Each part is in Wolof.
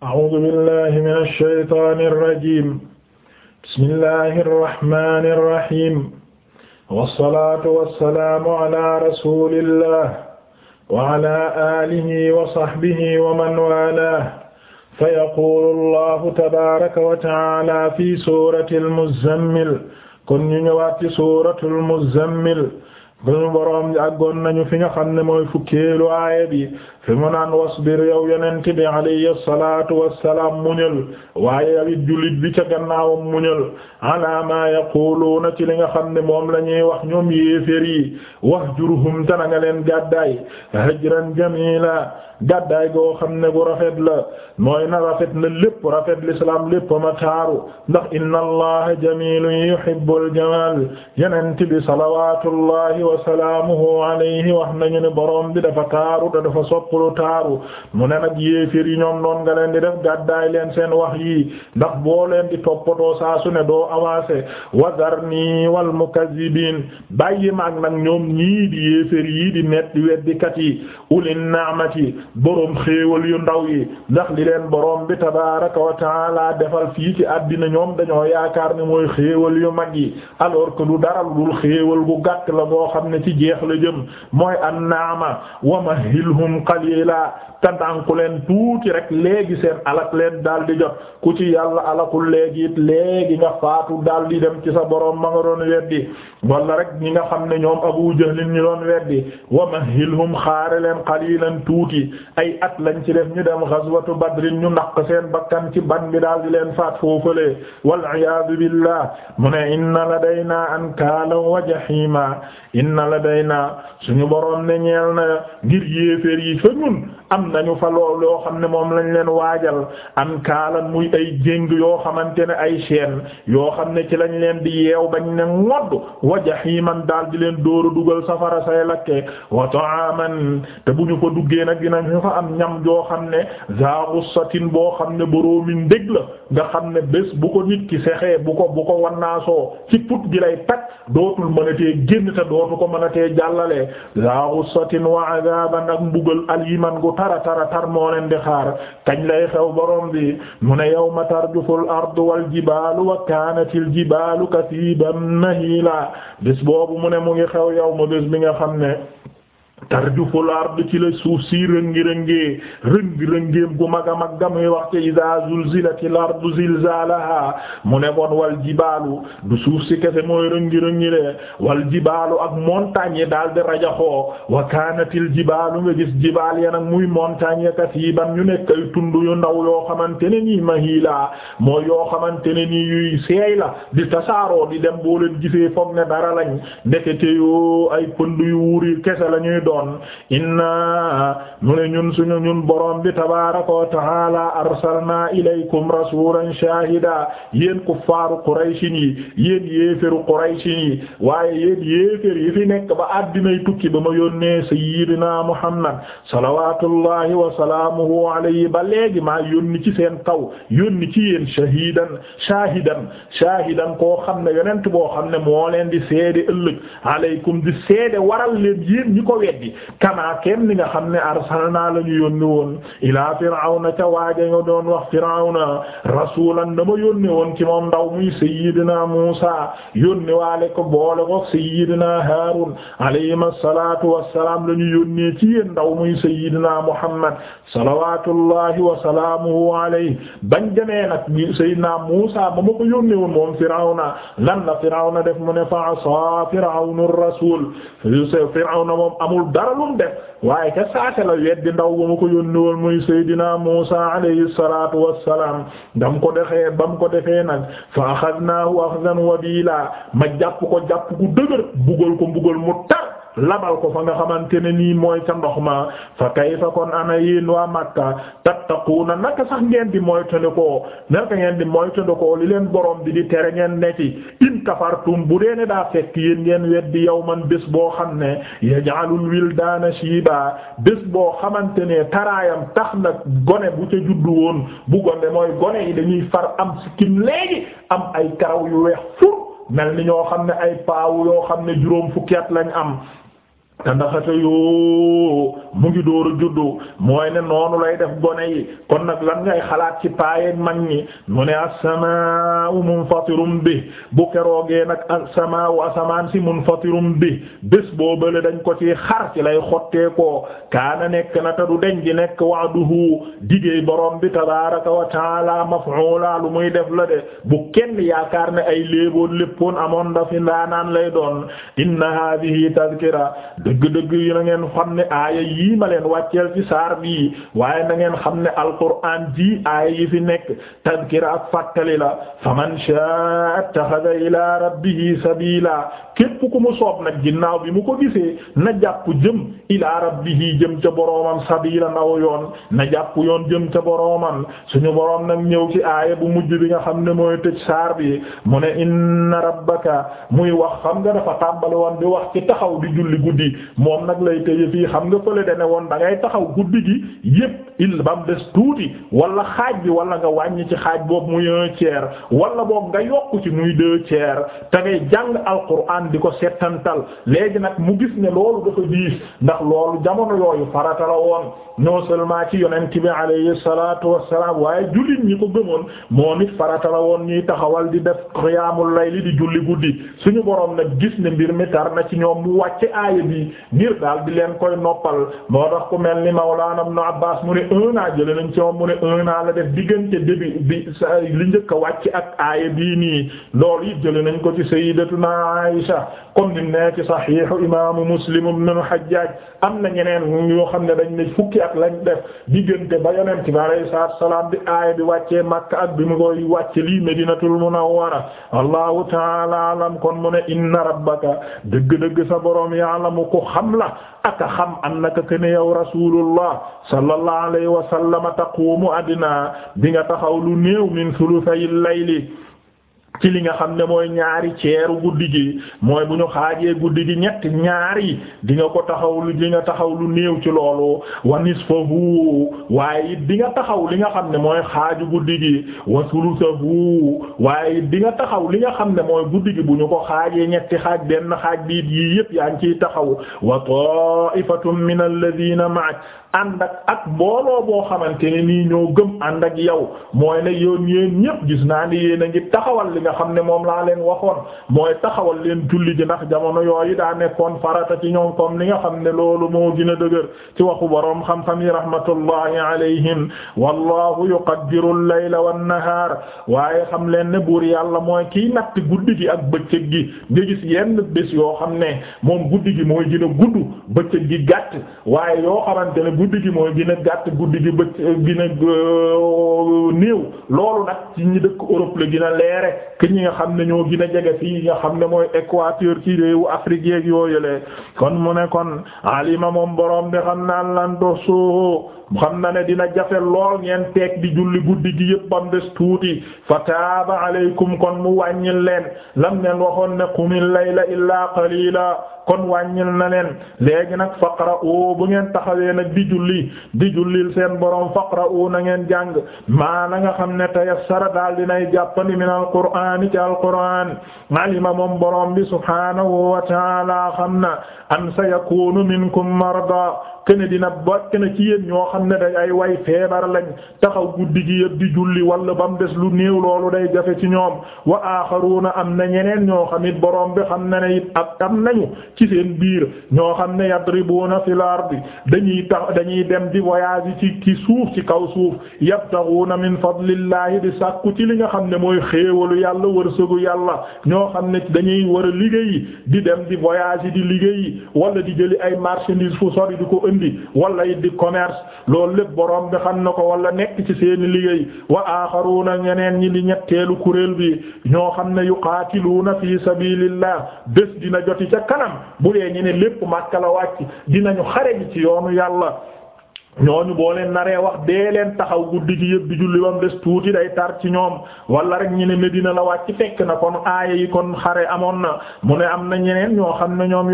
أعوذ بالله من الشيطان الرجيم بسم الله الرحمن الرحيم والصلاة والسلام على رسول الله وعلى آله وصحبه ومن والاه فيقول الله تبارك وتعالى في سورة المزمل kon ñu ñëwaat ci suuratul Muzzammil buñu boroom àggoon nañu fi nga xam ne mooy fukkeelu aaya bi fi mu naan wasbir yow yonent bi alayhi salaatu wassalaam muñal waaye awit jullit bi ca gannaawam muñal ala ma yaquluuna ci li nga xam ne moom la ñuy wax ñoom yéefér yi wahjurhum tana nga leen gàddaay hajran jamila gàddaay goo xam ne gu rafet la mooy na rafet na lépp rafet l'islam lépp ma taaru ndax inna allaha jamilun yuhibbul jamal yonent bi salawatullahi wa salaamuhu alayhi wax nañu ne borom bi dafa taaru te dafa sopp yokkulu taaru mu ne nag yéefér yi ñoom noon nga leen di def gàddaay leen seen wax yi ndax boo leen di toppatoo saa su ne doo avancé wazarni wal mukazzibin bàyyi maak nag ñoom ñii di yéefér yii di net di weddikat yi ulin yi boroom xéewal yu ndaw yi ndax li leen boroom bi tabaraka wa taala defal fii ci àddina ñoom dañoo yaakaar ne mooy xéewal yu mag yi alors que du dara dul xéewal gu gàtt la boo xam ne ci jeex la jëm mooy an naama wa mahilhum yi laa tantanku leen tuuti rek léegi seen alak leen daal di jot ku ci yàlla alakul léegi it léegi nga faatu daal di dem ci sa boroom ma nga doon weddi wala rek ñi nga xam ne ñoom Abu Jahl ñu doon weddi wa mahilhum xaare leen qalilan tuuti ay at lañ ci def ñu dem ghazwatu badrin ñu naq seen bakkan ci ban mi daal leen faat foofale wal iyaadu billah mu ne inna ladaynaa ankaalan wa jahiima inna ladaynaa suñu boroom ne ñeel na ngir yéeféer yi ñun am nañu fa lool yoo xam ne moom lañ leen waajal am kaalan muy ay jéng yoo xamante ne ay chaîne yoo xam ne ci lañ leen di yeew bañ ne ngodd yi man daal di leen dóoru dugal safara say lakke wa ta'aman te bu ñu ko duggee nag ñu fa am ñam joo xam ne za ghussatin boo xam ne boroomi ndég la nga xam ne bés bu ko nit ki sexee bu ko bu ko wannaasoo ci put gi lay tak dootul mënatee génn te dootu ko mënatee jàllale za ghussatin wa adaban ak mbugal aliman tara tara tar moo leen di xaar kañ lay xew borom bi mu ne yawma tarjuful ardu wal jibaalu wa kaanatil jibaalu kasiiban mahiila bés boobu mu ne mu ngi xew yawma bés bi nga xam ne tarjuful ard ci la suuf si rëngi-rëngee rëngi-rëngeem gu mag a mag gamuy wax ci iza zulzilatil ardu zilzalaha mu ne woon wal jibaalu du suuf si kese mooy rëngi-rëngi de wal jibaalu ak montagne yi daal di rajaxoo wa kaanatil jibaalu nga gis jibaal ya nag muy montagne ya kasiiban ñu nekk ay tund yu ndaw yoo xamante ne nii mahiila mooy yoo xamante ne nii yuy seey la di tasaaroo di dem boo leen gisee foog ne dara lañ ndekete yoo ay pënd yu wuuri kese doon inna mu ne ñun suñu ñun borom bi tabaaraka wa taala arsalna ilaykum rasulan shahida yéen kuffaaru qurayshin yi yéen yéeféru qurayshin yi waaye yéen yéefér yi fi nekk ba addinay tukki ba ma yónnee sayyidina muhammad salawatullahi wa salaamuhu alayhi ba léegi maa yónni ci seen kaw yónni ci yéen shahidan shahidan shahidan koo xam ne yonent boo xam ne moo leen di seede ëllëg alaykum di seede waral leen yéen ñi ko wet teggi kamaa kenn ni nga xam ne arsalnaa la ñu yónni woon ilaa firawna ca waaja nga doon wax firawna rasulan dama yónni woon ci moom ndaw muy sayyidina Muusa yónni waale ko boole ko sayyidina Haarun alayhim assalaatu wassalaam la ñu yónnee ci yéen ndaw muy sayyidina Muhammad salawaatullahi wa salaamuhu alayhi bañ demee nag sayyidina Muusa ba ma ko yónnee woon moom firawna lan la firawna def mu ne fa asaa firawnu rasul firawna moom amul dara lu mu def waaye ca saase la weddi ndaw ba ma ko yónni woon muy Seydina Muusa alayhi salaatu wassalaam dam ko defee bam ko defee nag fa axadnaahu axdan wabiila ma jàpp ko jàpp ku dëgër bugal ko bugal mu tar labal ko fa nga xamante ne nii mooy ca ndox ma fa kayfa kon ana yéen waa Makka tattaquuna naka sax ngeen di moytandikoo naka ngeen di moytandikoo li leen borom bi di tere ngeen ne ci tafartum bu dee ne daa fekk yéen ngeen yow man bés boo xam ne yaj'alul wildaana shiiba bés boo xamante ne taraayam tax na gone bu ca juddu woon bu gone mooy gone yi dañuy far am sikkim léegi am ay karaw yu weex fur mel ni ñoo xam ne ay paawu yoo xam ne juróom fukki lañ am te ndaxate yoo mu ngi door a juddu mooy ne noonu lay def gone yi kon nag lan ngay xalaat ci paaye mag ñi mu ne as-samaa'u bi bu keroogee nag as-samaa'u asamaan si munfatirun bi bés boobale dañ ko ci xar ci lay xottee ko kaana nekk na te du deñ di nekk wa'duhu digéey borom bi tabaaraka wa ta'aala maf'uula muy def la de bu kenn yaakaar ne ay léeboon léppoon amoon dafi ndaanaan lay doon inna haadihi tadhkira dëgg-dëgg yi na ngeen xam ne aaya yii ma leen wàcceel ci saar bii waaye na ngeen xam ne alquran ji aaya yi fi nekk tadkira ak fàttali la faman shaa ittaxada ila rabbihi sabila képp ku mu soob nag ginnaaw bi mu ko gisee na jàpp jëm ila rabbihi jëm ca boroomam sabila naw yoon na jàpp yoon jëm ca boroomam suñu boroom nag ñëw ci aaya bu mujj bi nga xam ne mooy tëj saar bi mu ne inna rabbaka muy wax xam nga dafa tàmbali woon di wax ci taxaw di julli moom nag lay tëye fii xam nga fële dane woon da ngay taxaw guddi gi yépp il ba mu des tuuti walla xaaj bi walla nga wàññi ci xaaj boobu mu un tiers wala boobu nga yokk ci muy deux tiers te ngay jàng alquran di ko settantal léegi nag mu gis ne loolu dafa diis ndax loolu jamono yooyu farata la woon non seulement ci yonent bi alayhi salaatu wassalaam waaye jullit ñi ko gëmoon moo it farata la woon ñuy taxawal di def qiyaamul layli di julli guddi suñu borom nag gis ne mbir mi na ci ñoom mu wàcce aaya bi yi ngir daal di leen koy noppal moo tax ku mel ni Mawlana Ibn Abbas mu ne un an jëlee nañ ci moom mu ne un an la def diggante début bi sa li njëkk a wàcc ak aaya bii nii loolu it jëlee nañ ko ci sayyidatuna Aisha comme ni nee ci saxiixu imaamu Muslim ibn al am na ñeneen yoo xam ne dañ ne fukki at lañ def diggante ba Yonent bi alayhi salaam bi aaya bi wàccee Makka ak bi mu koy wàcce lii Madinatul Munawwara Allahu ta'ala alam kon mu ne inna rabbaka dëgg-dëgg sa borom ya'lamu ko ku xam la aka xam annaka kene yow rasulullah sallallahu alayhi wa sallam taqumu adna bi nga taxaw lu néew min thuluthay al-layli ci li nga xam ne mooy ñaari ceeru guddi gi mooy bu ñu xaajee guddi gi ñett ñaari di nga ko taxaw lu di nga taxaw lu néew ci loolu wa nisfahu waaye it di nga taxaw li nga xam ne mooy xaaju guddi gi wa sulusahu waaye di nga taxaw li nga xam ne mooy guddi bu ñu ko xaajee ñetti xaaj benn xaaj biit yii yëpp yaa ngi ciy taxaw wa ta'ifatun min alladhina ma'ak ànd ak ak mbooloo boo xamante ne nii ñoo gëm ànd ak yow mooy ne yoon yéen ñëpp gis naa ni yéen a ngi taxawal li nga nga xam ne moom laa leen waxoon mooy taxawal leen julli ji ndax jamono yooyu daa nekkoon farata ci ñoom comme li nga xam ne loolu moo gën a dëgër ci waxu boroom xam-xam yi rahmatullahi alayhim wallahu yuqaddiru al-layla wan-nahar waaye xam leen ne buur yàlla mooy kiy natt guddi gi ak bëccëg gi nga gis yenn bés yoo xam ne moom guddi gi mooy gën a gudd bëccëg gi gàtt waaye yoo xamante ne guddi gi mooy gin a gàtt guddi gi bëccëg gin a euh, niw loolu nag ci ñi dëkk Europe la gën a leere nekk ñi nga xam ne ñoo gën a jege fii nga xam ne mooy équateur ci réewu Afrique yeeg yooyule kon mu ne kon alima moom boroom bi xam naan lan doxu xam na ne dina jafe lool ngeen teek di julli guddi gi yëpp bam des tuuti fa taaba aleykum kon mu wàññil leen lam leen waxoon ne qumil layla illaa qalila kon wàññil na leen léegi nag o bu ngeen taxawee nag di julli di jullil seen borom faqra'u na ngeen jàng maa la nga xam ne tayassara daal dinay jàppandi alqur'ani ci alqur'an alima moom borom bi subhanahu wa ta'ala xam na an sayakunu minkum marda kene dina bokk na ci yéen ñoo xam ne day ay way feebar lañ taxaw guddi gi yëpp di julli wala ba mu des lu néew loolu day jafe ci ñoom wa aaxaruuna am na ñeneen ñoo xam it boroom bi xam na ak am nañu ci seen biir ñoo xam ne yadribuuna fil ardi dañuy tax dañuy dem di voyage ci ci suuf ci kaw suuf yabtaxuuna min fadlillahi di sàkku ci li nga xam ne mooy xéewalu yàlla wërsëgu yàlla ñoo xam ne dañuy war a liggéey di dem di voyage di liggéey wala di jëli ay marchandises fu sori di ko ënd indi wala it di commerce loolu lépp borom bi xam na ko wala nekk ci seeni liggéey wa na ñeneen ñi li ñetteelu kuréel bi ñoo xam ne yuqaatiluuna fi sabilillah bés dina joti ca kanam bu dee ñi ne lépp Makka la wàcc dinañu xare ji ci yoonu yàlla ñooñu boo leen naree wax dee leen taxaw guddi gi yëpp di julli bam tuuti day tar ci ñoom wala rek ñu ne Medina la wàcc fekk na kon aaya yi kon xare amoon na mu ne am na ñeneen ñoo xam ne ñoom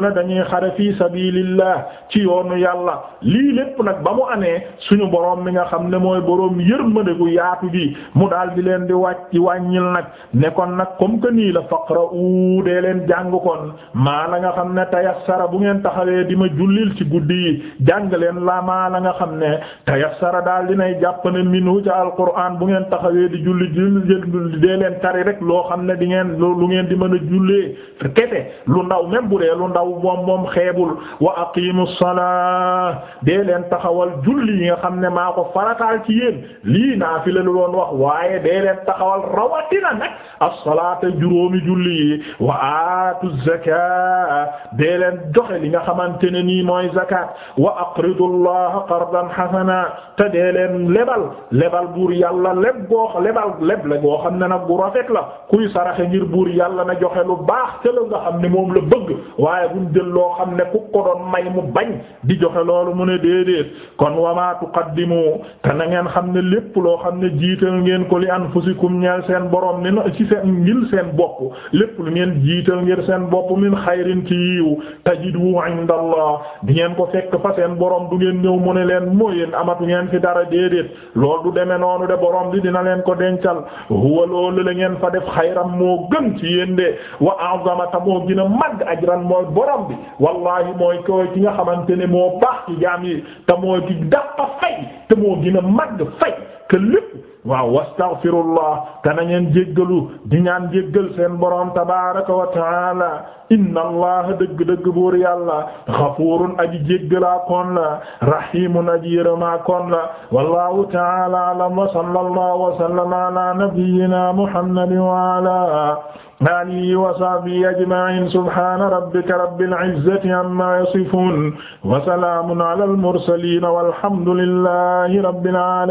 na dañuy xare fii sabilillah ci yoonu yàlla lii lépp nag ba mu amee suñu boroom bi nga xam ne mooy boroom yërmande gu yaatu gi mu daal di leen di wàcc wàññil nag ne kon nag comme que nii la faqra'u dee leen jàng kon maa la nga xam ne tayassara bu ngeen taxawee di ma jullil ci guddi yi jàng maa la nga xam ne tayassara daal dinay jàpp ne minu ca alquran bu ngeen taxawee di julli julli dee leen tari rek loo xam ne di ngeen lu ngeen di mën a jullee kete lu ndaw même bu dee lu ndaw moom moom xeebul wa aqimu salaa dee leen taxawal julli yi nga xam ne maa ko farataal ci yéen li naa fi la lu doon wax waaye dee leen taxawal rawatina nag as-salaata juróomi julli yi wa aatu zakaa dee joxe li nga xamante ne nii mooy zakat wa aqridu allaha qardan xasana te dee leen lebal lebal buur yàlla leb goo lebal leb la goo xam ne nag bu rafet la kuy saraxe ngir buur yàlla na joxe lu baax te nga xam ne moom la bëgg waaye buñ jël loo xam ne ku ko doon may mu bañ di joxe loolu mu ne déedéet kon wama tuqaddimu te na ngeen xam ne lépp loo xam ne jiital ngeen ko li anfusikum ñeel seen boroom ni ci seen ngir seen bopp lépp lu ngeen jiital ngir seen bopp min xayrin ci yiw tajidu ñëw mu ne leen moo yéen amatu ngeen fi dara déedéet loolu du demee noonu de borom bi dina leen ko dencal huwa loolu la ngeen fa def xayram moo gën ci yéen wa a'zama ta moo gën a màgg ajran mooy borom bi wallahi mooy koy ki nga xamante ne moo baax ci jaam yi te moo ci dàq fay te moo gën a màgg fay que waaw wastaghfirullah te na ngeen jéggalu di ñaan jéggal seen boroom tabaaraka wa taala inna allaha dëgg-dëgg buur yàlla ghafuurun aji jéggalaa koon la rahimun aji yërëmaa koon la wallahu taala alam wa sallallahu wa sallama ala nabiyyina muhammadin wa ala alihi wa sahbihi ajma'in subhana rabbika rabbil izzati amma yasifun wa salamun ala al mursalin walhamdulillahi rabbil alamin